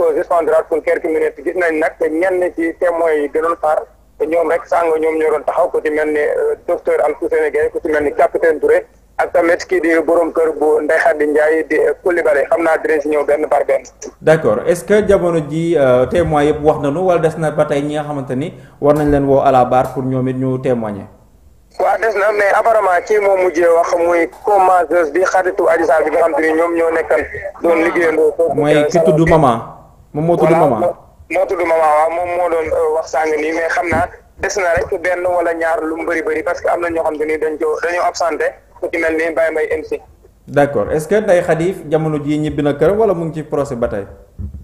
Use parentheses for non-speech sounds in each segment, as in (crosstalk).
ko répondre pour quelques minutes gis nañ nag ñenn ci témoins yi gënoon far te ñoom rek sàngo ñoom ñoo doon taxaw ku ci mel ni euh, docteur Alfousseyni Gaye ku ci mel ni capitaine Touré ak tamit kii di borom kër bu Ndeye Khady Ndiaye di Coulibaly euh, xam naa dinañ si ñëw benn par benn. d'accord est-ce que jamono ji euh, témoins yëpp wax nañu wala des na ba tey ñi nga war nañ leen woo à la barre pour ñoom it ñu témoigner. waaw des na mais apparemment kii moo mujjee wax muy commenceuse moom moo tudd maman moo tudd ma waaw moom moo doon euh, wax sàng nii mais xam naa des na rek benn wala ñaar lu mu bëri bëri parce que am na ñoo xam te ni dañ ko dañoo absenté ku ci mel ni Baye Mbaye MC. d' accord est ce jamono jii ñibbi na kër wala mu ngi ci procès ba tey.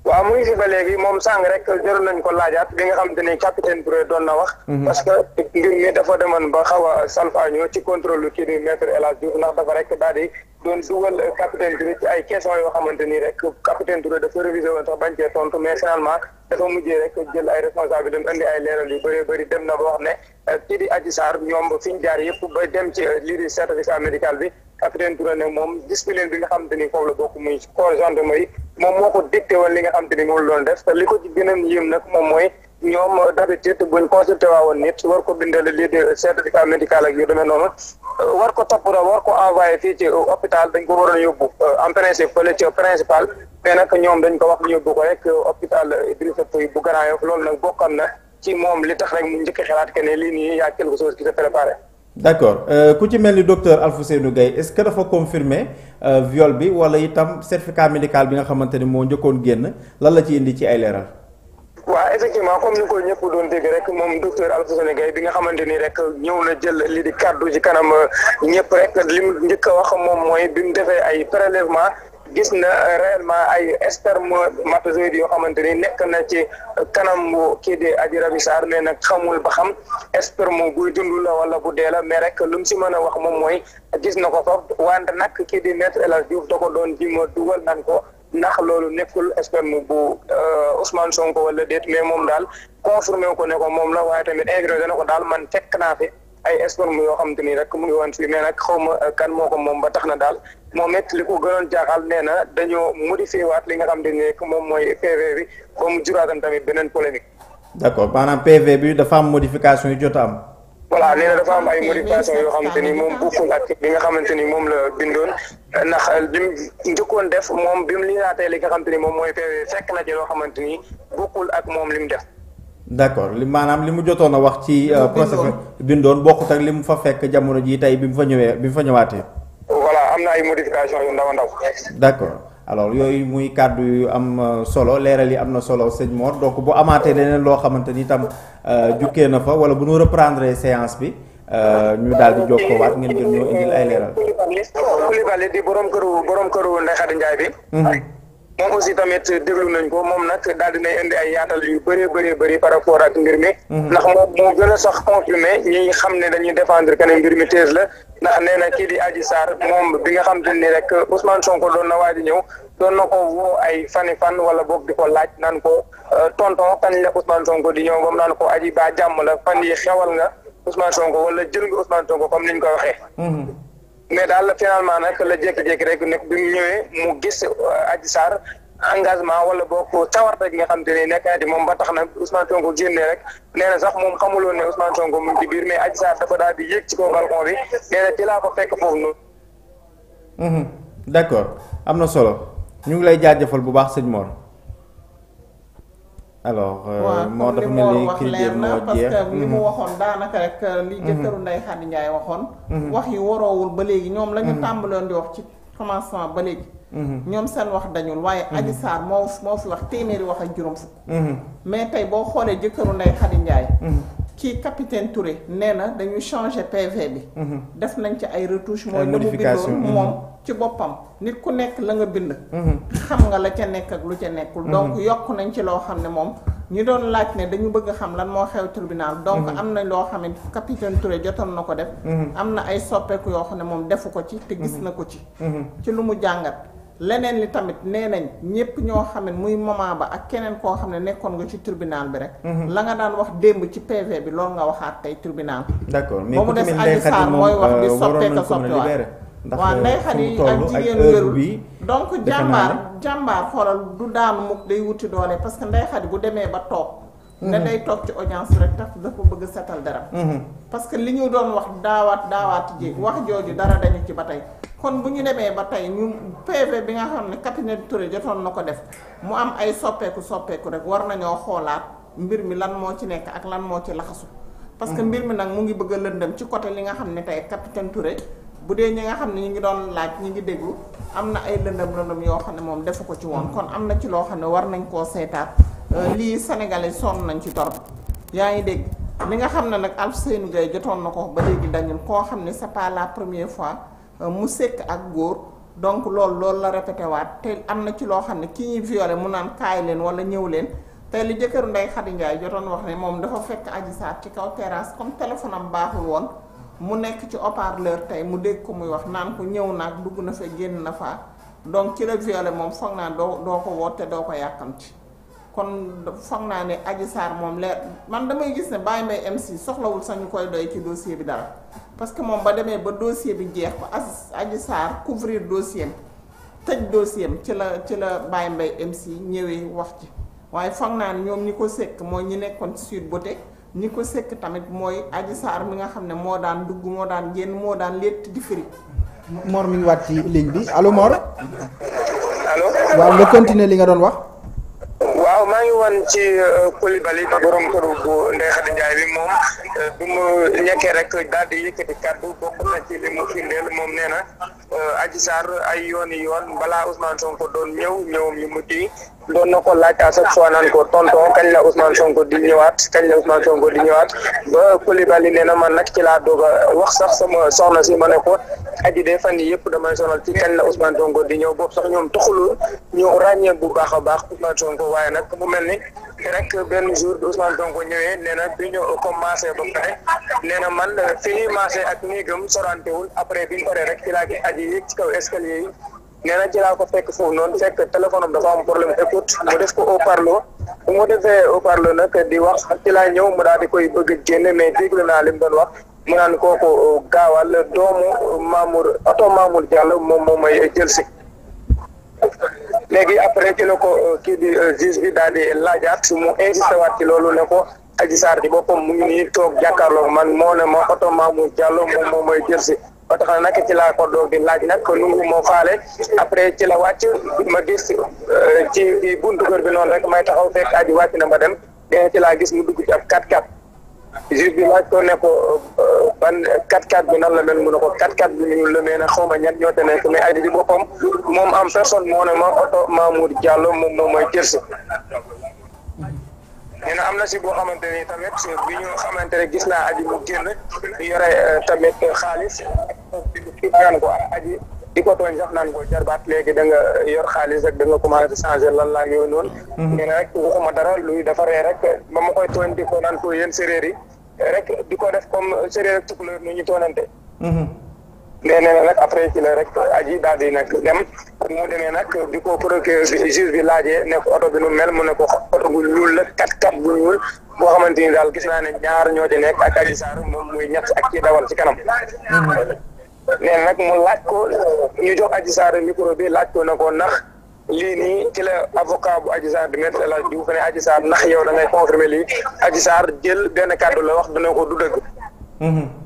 waaw mu ngi ba léegi moom sàng rek jëroon nañ ko laajaat bi nga xam te ni capitaine Touré doon na wax mhm. parce que mbir mi dafa demoon ba xaw a salfaañoo ci contrôle kii di maître ndax dafa rek daal di doon dugal capitaine Touré ci ay question yoo xamante ni rek capitaine Touré dafa révisé woon sax bañ cee tontu mais finalement dafa mujjee rek jël ay responsable dem indi ay leeral yu bëree bëri dem na ba wax ne kii di Adji ñoom fi ñu jaar yëpp ba dem ci lii di service bi Capitaine Touré ne moom discipline bi nga xam te ni foofu la bokk muy corps gendarmerie moom moo ko dicté woon li nga xam te ni moom la doon def te li ko ci gën a yéem nag moom mooy ñoom d'habitude buñ consulté waawoon nit war ko bindal lii de certificat médical ak yu demee noonu war ko topp war ko envoyé fii ci hôpital dañ ko waroon yóbbu euh, en principe fële principal mais nag ñoom dañ ko wax ñu yóbbu ko rek euh, hôpital Idrissa Pouye bu Grand Yoff loolu nag bokkan na ci moom li tax rek mu xalaat que ne lii nii y a quelque chose qui d' accord euh, ku ci mel ni docteur Alfousseynou Gaye est ce que dafa confirmer euh, viol bi wala itam certificat médical bi nga xamante ni moo njëkkoon génn lan la ci indi ci ay leeral. waaw effectivement comme ni ko ñëpp doon dégg rek moom docteur Alfousseyni Gaye bi nga xamante ni rek ñëw na jël li di kàddu ci kanam ñëpp rek li mu njëkk a wax moom mooy bi mu defee ay prélèvement gis na euh, réelement ay spermatozoïdes yoo xamante ni nekk na ci euh, kanamu kii di Adji Raby Sarr mais nag xamul ba xam sperme buy dund la wala bu dee la mais rek lu mu si mën a wax moom mooy gis na ko foofu wante nag kii di maître El Hadji Diouf da ko doon ji ma dugal nan ko ndax loolu nekkul sperme bu euh, Ousmane Sonko wala déet mais moom daal confirmé ko ne ko moom la waaye tamit invité na ko daal man fekk naa fi. ay espoir yoo xamante ni rek mu ngi woon fii mais nag xaw ma kan moo ko moom ba tax na daal moom it li ko gënoon jaaxal nee na dañoo modifié waat li nga xam ne moom mooy PV juraatam tamit beneen polémique. d'accord maanaam bi dafa am modification yu jot a am. dafa am ay modification yoo xamante ni moom bokkul ak li nga xamante ni moom la bindoon ndax bi mu njëkkoon def moom bi mu linaatee li nga xamante ni moom mooy PV fekk na ci loo xamante ni bokkul ak moom li mu def. d'accord li maanaam li mu jotoon a wax ci. Euh, procès bindoon bokkut ak li mu fa fekk jamono jii tey bi mu fa ñëwee bi mu fa ñëwaatee. voilà am na ay modification yu ndaw a ndaw. d'accord alors yooyu muy kàddu yu am euh, solo leeral yi am na solo sëñ Mor donc bu amaatee leneen loo xamante ni itam euh, jukkee na fa wala bu nu reprendre séance bi. ñu daal di jokkoowaat ngeen jël ñoo indil ay leeral. moom aussi tamit déglu nañ ko moom nag daal dinay indi ay yaatal yu bëree bëree bëri par rapport ak ngir mi mhm. ndax moom moo gën a sax confirmé ñi xam ne dañuy defendre que ne mi tees la ndax nee na kii di aji saar moom bi nga xam te ni rek Ousmane Sonko doon na waaj a ñëw doon na ko woo ay fani fan wala boog di ko laaj naan ko euh, tonton kañ la Ousmane Sonko di ñëw moom naan ko aji ba jàmm la fan yi xewal nga Ousmane Sonko wala jël nga Ousmane Sonko comme niñ ko waxee mhm. mais daal finalement nag la jékki-jékki rek ne bi mu ñëwee mu gis euh, Adji saar engagement wala boog tawarta gi nga xam te ne nekk na di moom ba tax na Ousmane Sonko génnee rek nee na sax moom xamuloon ne Ousmane Sonko mu ngi biir mais Adji Sarr dafa daal di yéeg ci ko balcon bi nee ci laa ko fekk foofu noonu. Mhm. d' accord am na solo ñu ngi lay jaajëfal bu baax sëñ moon alors euh, moo dafa mel ni wax leer na parce que li mu mhm. waxoon daanaka rek euh, li jëkkëru mhm. Ndeye Khady waxoon mhm. wax yi waroowul ba léegi ñoom la ñu tàmbaloon di wax ci commencement ba léegi ñoom seen wax dañul waaye Adji Sarr moo moo fi wax téeméeri wax ak juróom fukk mais tey boo xoolee jëkkëru Ndeye Khady kii capitaine Touré nee na dañu changé PV bi. Mhm. def nañ ci ay retouches. mooy la bindoon mhm. moom ci boppam. nit ku nekk la nga bind. Mhm. xam nga la ca nekk ak lu ca nekkul. donc yokk nañ ci loo xam ne moom. ñu doon laaj ne dañu bëgg xam lan moo xew tribunal donc am na loo xam ne capitaine Touré jotoon na ko def. am na ay soppeeku yoo xam ne moom defu ko ci. te gis na ko ci. ci lu mu jàngat. leneen li tamit nee nañ ñëpp ñoo xam ne muy moment ba ak keneen koo xam ne nekkoon nga ci tribunal bi rek. Mhm. la nga daan wax démb ci PV bi loolu nga waxaat tey tribunal. d'accord mais ku tamit Ndeye Khady moom euh, waroon nañ ko mën a libéré. ndax euh, fu ak jigéen wérul donc jàmbaar jàmbaar xoolal du daanu mukk day wuti doole parce que Ndeye Khady bu demee ba toog. Mhm. ne day toog ci audience rek tax dafa bëgg setal dara. Mhm. parce que li ñu doon wax daawaat daawaat ji wax jooju dara dañu ci ba tey. kon bu ñu demee ba tey ñu PV bi nga xam ne cabinet Touré jotoon na ko def mu am ay soppeeku soppeeku rek war nañoo xoolaat mbir mi lan moo ci nekk ak lan moo ci laxasu. parce que mm-hmm. mbir mi nag mu ngi bëgg a lëndëm ci côté li nga xam ne tey capitaine Touré bu dee ñi nga xam ne ñu ngi doon laaj ñi ngi déggu am na ay lëndëm lëndëm yoo xam ne moom defu ko ci woon mm-hmm. kon am na ci loo xam ne war nañ koo seetaat euh, mm-hmm. lii sénégalais sonn nañ ci torop yaa ngi dégg li nga xam ne nag Alfousseyni Gaye jotoon na ko ba léegi dañu koo xam ne c'est pas la première fois. Euh, mu sekk ak góor donc loolu loolu la répété waat am na ci loo xam ne kii ñuy violé mu naan kaay leen wala ñëw leen te li jëkkëru Ndeye Khady Ndiaye jotoon wax ne moom dafa fekk Adji Sarr ci kaw terrasse comme téléphone am baaxul woon mu nekk ci haut tey mu dégg ko muy wax naan ko ñëw naag dugg na fa génn na fa donc ci la violé moom foog naa doo doo ko te doo ko yàkkamti kon foog naa ne Adji Sarr moom leer man damay gis ne Baye Mbaye MC soxlawul sañu koy doy ci dossier bi dara parce que moom ba demee ba dossier bi jeex ko aj Adji Sarr couvrir dossier tëj dossier ci la ci la Baye Mbaye MC ñëwee wax ci waaye fan naa ni ñoom ñi ko sekk mooy ñi nekkoon ci Sweet Beauté ñi ko sekk tamit mooy Adji Sarr mi nga xam ne moo daan dugg moo daan génn moo daan létt di firi. Mor mi ngi waat ci ligne bi allo Mor. allo. waaw nga continuer li nga doon wax. ngi woon ci euh, Koulibaly borom këru bu Ndeye Khady bi moom euh, bi mu ñekkee rek daal di yëkkati kàddu bokk na ci li mu firndeel moom nee na euh, Adji Sarr ay yooni yoon balaa Ousmane Sonko doon ñëw ñëwam yu mujj yi doon na ko laaj a chaque fois naan ko tonton kañ la Ousmane Sonko di ñëwaat kañ la Ousmane Sonko di ñëwaat ba Koulibaly nee na man nag ci laa doog wax sax sama soxna si ma ne ko aji de fan yii yëpp damay sonal ci kañ la Ousmane Sonko di ñëw boobu sax ñoom taxuloo ñu ràññee bu baax a baax Ousmane Sonko waaye nag mu mel ni rek benn jour Ousmane Sonko ñëwee nee na bi ñu commencé ba pare nee na man fii marché ak néegam sorantewul après bi ñu paree rek ci laa gi aji yéeg ci kaw escalier yi nee na ci laa ko fekk foofu noonu fekk téléphone am dafa am problème écoute mu def ko au parlo bu mu defee au parlo nag di wax ci laa ñëw mu daal di koy bëgg génne mais déglu naa mu naan kooku euh, gaawal doomu Mamour oto Mamour Diallo moom moom may jël si léegi après ci la ko euh, kii di euh, juge bi daal di laajaat mu insisté waat ci loolu ne ko Adji Sarr ci boppam mu ngi nii toog jàkkaarloog man moo ne ma oto Mamour Diallo moom moom mooy jël si ba tax na nag ci laa ko doog di laaj nag nungu moo faale après ci la wàcc ma gis ci buntu kër bi noonu rek may taxaw fekk aji wàcc na ma dem dina ci laa gis mu dugg ci ab 4-4 juge bi laaj ko ne ko euh, ban 4 bi na la mel mu ne ko 4-4 bi ñu lëmee na xaw ma ñan ñoo te nekk mais aji bi boppam moom am personne moo ne ma oto Mamour Diallo moom moom mooy jërsi mhm. ne na am na si boo xamante ni tamit bi ñu xamante ne gis naa aji mu génn yore euh, tamit xaalis ñaan ko aji di ko tooñ sax naan ko jarbaat léegi da nga yor xaalis rek da nga commencé changer lan laa yooyu noonu. Mhm. nee na rek waxuma dara luy defaree rek ba ma koy tooñ di ko naan ko yéen séeréer rek di ko def comme séeréer ak nu ñu toonante. Mhm. nee na nag après ci rek aji daal di nag dem mu demee nag di ko procureur bi juge bi laajee ne oto bi nu mel mu ne ko oto bu ñuul la kat kat bu ñuul boo xamante ni daal gis naa ne ñaar ñoo di nekk ak aji saar moom muy ñett ak ci dawal ci kanam. Mhm. neen nag mu laaj ko ñu jox Adji Sarr micro bi laaj ko na ko ndax lii nii ci la avocat bu Adji Sarr di maître la Hadji Diouf ne Adji Sarr ndax yow da ngay confirmer lii Adji Sarr jël benn kàddu la wax dana ko du dëgg mhm.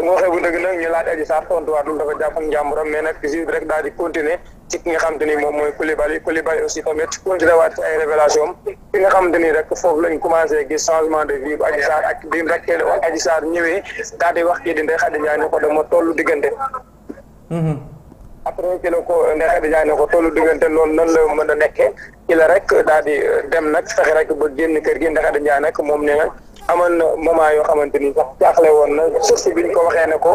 su ma waxee bu dëgg nag ñu laaj Adji Sarr tontuwaatul dafa jàppam njàmburam mais nag juge rek daal continuer ci ki nga xam moom mooy Coulibaly Coulibaly aussi tamit continuer waat ci ay révélation am fi te ni rek foofu lañ commencé gis changement de vie bu Adji Sarr a ñëwee daal di wax kii di Ndeye Khady Ndiaye ne ko dama tollu diggante. Mhm. après ki la ko Ndeye Khady Ndiaye ko tollu diggante loolu nan la mën a nekkee ki la rek daal di dem nag fexe rek ba génn kër gi Ndeye Khady Ndiaye moom nee na. aman na moment yoo xamante ni sax jaaxle woon na source bi ko waxee ne ko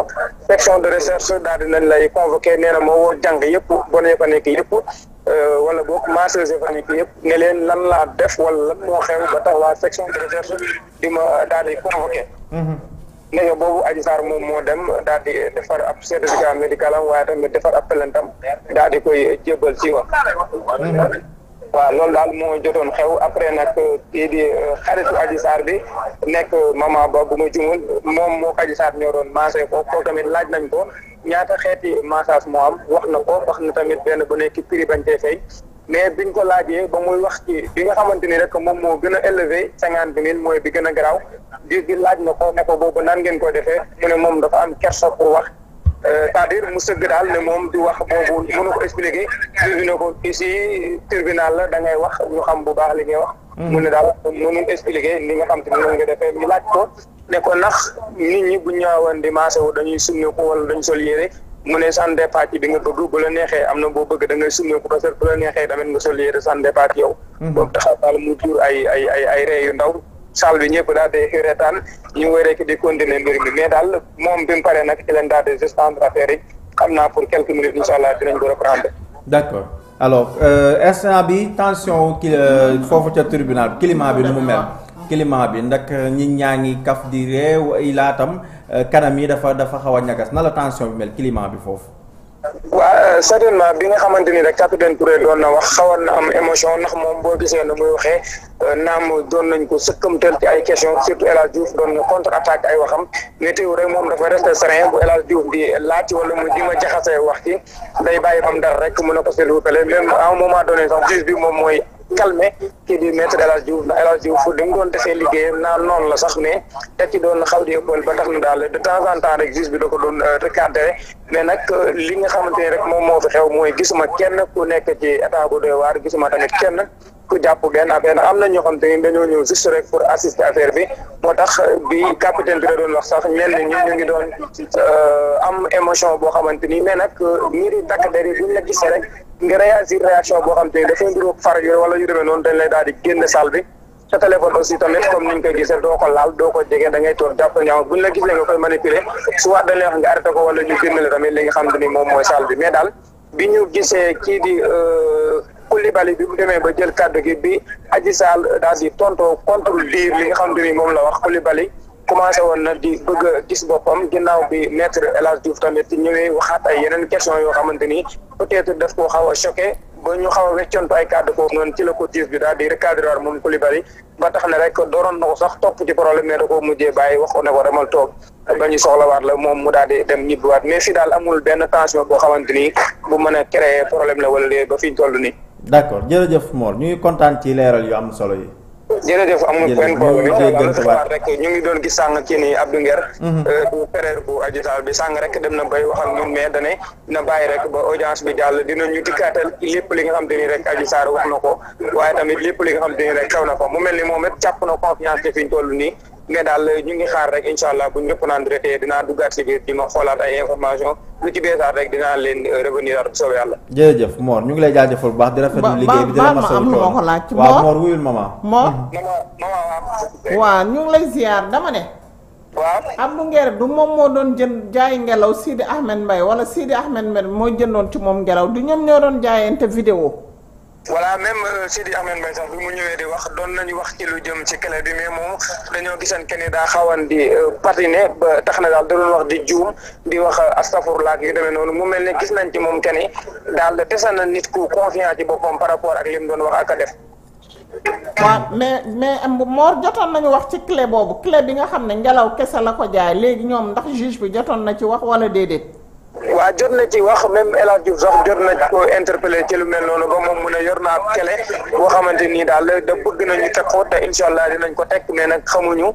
section de recherche daal dinañ lay convoqué nee na moo woo jàng yëpp bon ya fa nekk yëpp euh, wala boog masseurs ya fa nekk ne leen lan laa def wala lan moo xew ba tax waa section de recherche di ma daal di convoqué. léegi mhm. boobu Adji Sarr moom moo dem daal di defar a certificat médical am waaye tamit defar ab plainte am daal di koy jébbal ci wax. waaw loolu daal moo jotoon xew après nag euh, kii di euh, xaritu Adji Sarr bi nekk maman ba bu ma jumul moom moo ko Adji Sarr ñoo doon maasee ko koo tamit laaj nañ ko ñaata xeeti massage moo am wax na ko wax na tamit benn bu nekk prix bañ cee fay mais biñ ko laajee ba muy wax ci bi nga xamante ni rek moom moo gën a élevé bi mille mooy bi gën a garaaw di bi laaj na ko ne ko boobu naan ngeen ko defee mu ne moom dafa am kersa pour wax Euh, c'est-à-dire mu sëg daal ne moom di wax boobu mënu ko expliquer bi ne ko ici tribunal la da ngay wax ñu xam bu baax li ngay wax hmm. mu ne daal mënuñ expliquer li nga xam te noonu nga defee ñu laaj ko ne ko ndax nit ñi bu ñëwoon di maase wu dañuy sumne ko wala dañu sol yére mu ne san départ bi nga bëgg bu la neexee am na boo bëgg da ngay sumne ko parce que bu la neexee tamit nga sol yére san départ yow hmm. boobu taxaw daal mu jur ay ay ay yu ndaw salle bi ñëpp daal di reetaan ñu war a di continuer mbir mi mais daal moom bi mu paree nag ci leen daal di suspendre affaire yi xam naa pour quelques minutes incha allah dinañ ko reprendre. d'accord alors euh, instant bi tension ki euh, foofu ca tribunal climat bi nu mu mel. climat bi ndax euh, nit ñaa ngi kaf di réew ay laatam kanam yi dafa dafa xaw a ñagas na la tension bi mel climat bi foofu. waaw certainement bi nga xamante ni rek capitaine Touré doon na wax xawoon na am émotion nax moom boo gisee na muy waxee euh, naam doon nañ ko sëkkamtal ci ay question surtout El Hadj Diouf doon na contre attaque ay waxam mais teew rek moom dafa resté serein bu El Hadj Diouf di laaj wala mu di ma jaxasee wax ci day bàyyi bam dara rek mu ne ko s'il vous plaît même à bi moom mooy calmer kii di maître El Hadj Diouf ndax El doon defee liggéeyam na noonu la sax mais da ci doon xaw di ëppal ba tax na daal de temps en temps rek juge bi da ko doon euh, mais nag euh, li nga xamante ni rek moom moo fi xew mooy gisuma kenn ku nekk ci état bu doy waar gisuma tamit kenn ku jàpp benn benn am na ñoo xam te ni dañoo ñëw juste rek pour assister affaire bi moo tax euh, bi capitaine bi da doon wax sax ñenn ñi ñu ngi doon am émotion boo xamante ni mais nag ñi di takk der yi buñ la gisee rek. nga réagir réaction boo xam te ne dafay nduróog far yooyu wala yu demee noonu dañ lay daal di génn salle bi sa téléphone aussi tamit comme niñ koy gisee doo ko laal doo ko jege da ngay toog jàpp li nga ni moom mooy salle bi mais daal bi ñu gisee kii di euh, Koulibaly bi mu demee ba jël kàddu gi bi Adji Sarr daal di tontoo contredire li nga xam te ni moom la wax Koulibaly commencé woon na di bëgg gis boppam ginnaaw bi maître El Hadj Diouf tamit ñëwee waxaat ay yeneen question yoo xamante ni peut-être ko koo xaw a choqué ba ñu xaw a weccantu ay kàddu foofu noonu ci la ko tiis bi daal di recadré war moom Koulibaly ba tax ne rek dooroon na ko sax topp ci problème mais da koo mujjee bàyyi wax ne ko demal toog ba ñu soxlawaat la moom mu daal di dem ñibbiwaat mais fii daal amul benn tension boo xamante ni bu mën a créer problème na wala léegi ba fi ñu toll nii. d'accord jërëjëf Mor ñu ngi kontaan ci leeral yu am solo yi. jërëjëf amul benn problème loolu xalaat rek ñu ngi doon gis sàng kii nii Abdou Nguer mhm. euh, bu frère bu Adji Sarr bi sàng rek dem na bay wax ak ñun mais dane na bàyyi rek ba audience bi jàll dina ñu dikkaatal lépp li nga xam te ni rek Adji Sarr wax na ko waaye tamit lépp li nga xam te rek xew na ko mu mel ni moom it jàpp na confiance te fi ñu nii mais daal ñu ngi xaar rek incha allah bu ñu reprendre tey dinaa duggaat si biir di ma xoolaat ay information lu ci beesaat rek dinaa leen euh, revenir ak soobee yàlla. jërëjëf Mor ñu ngi lay jaajëfal bu baax di rafetlu liggéey bi di la ma am lu ma ko laaj. waaw Mor wuyul maman. Mor (laughs) waaw ñu ngi lay ziar dama ne. waaw Abdou Nguer du moom moo doon jën jaay ngelaw Sidi Ahmed Mbaye wala Sidi Ahmed Mbaye moo jëndoon ci moom ngelaw du ñoom ñoo doon jaayante vidéo. voilà même euh, Sidi Ahmed Mbaye sax bi mu ñëwee di wax doon nañu wax ci lu jëm ci clé bi mais moom dañoo gisan kenn daa xawan di euh, patiner ba tax na daal da doon wax di juum di wax euh, astafurla ak yu demee noonu mu mel ne gis nañ ci moom kenn daal tesa na nit ku confiant ci boppam par rapport ak li doon wax ak a def. waaw mais mais Mor jotoon nañu wax ci clé boobu clé bi nga xam ne ngelaw kese la ko jaay léegi ñoom ndax juge bi jotoon na ci wax wala déedéet. waa jot na ci wax même El Hadj Diouf jot na ko interpellé ci lu mel noonu ba moom mu ne yor naa ab kele boo xamante nii daal da bëgg nañu teg ko te incha allah dinañ ko teg mais nag xamuñu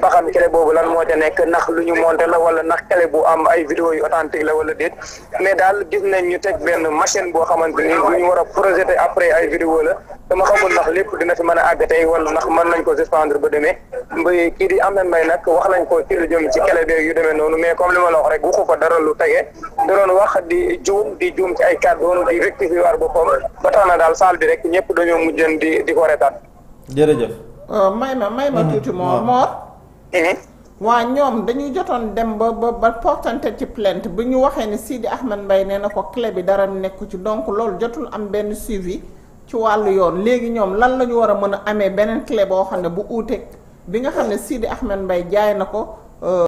ba xam kele boobu lan moo ca nekk ndax lu ñu monté la wala ndax kele bu am ay vidéo yu authentique la wala déet mais daal gis nañ ñu teg benn machine boo xamante nii bu ñu war a projeté après ay vidéo la dama xamul ndax lépp dina fi mën a àgg tey wala ndax mën nañ ko suspendre ba demee mbay kii di am na mbay nag wax nañ ko ci lu jëm ci kele beeg yu demee noonu mais comme li ma la wax rek waxu ko dara lu tege da doon wax di juum di juum ci ay kar woon di rectifier war boppam ba tax na daal saal bi rek ñëpp dañoo mujjën di di ko retaan. jërëjëf. Euh, may ma may ma mm-hmm. tuuti moo moor. Mm-hmm. waa ñoom dañuy jotoon dem ba ba ba portante ci plainte bu ñu waxee ne Sidi Ahmed mbay nee na ko clé bi dara nekku ci donc loolu jotul am benn suivi ci wàll yoon léegi ñoom lan la ñu war a mën a amee beneen clé boo xam ne bu uute bi nga xam ne Sidi Ahmed mbay jaay na ko. Euh,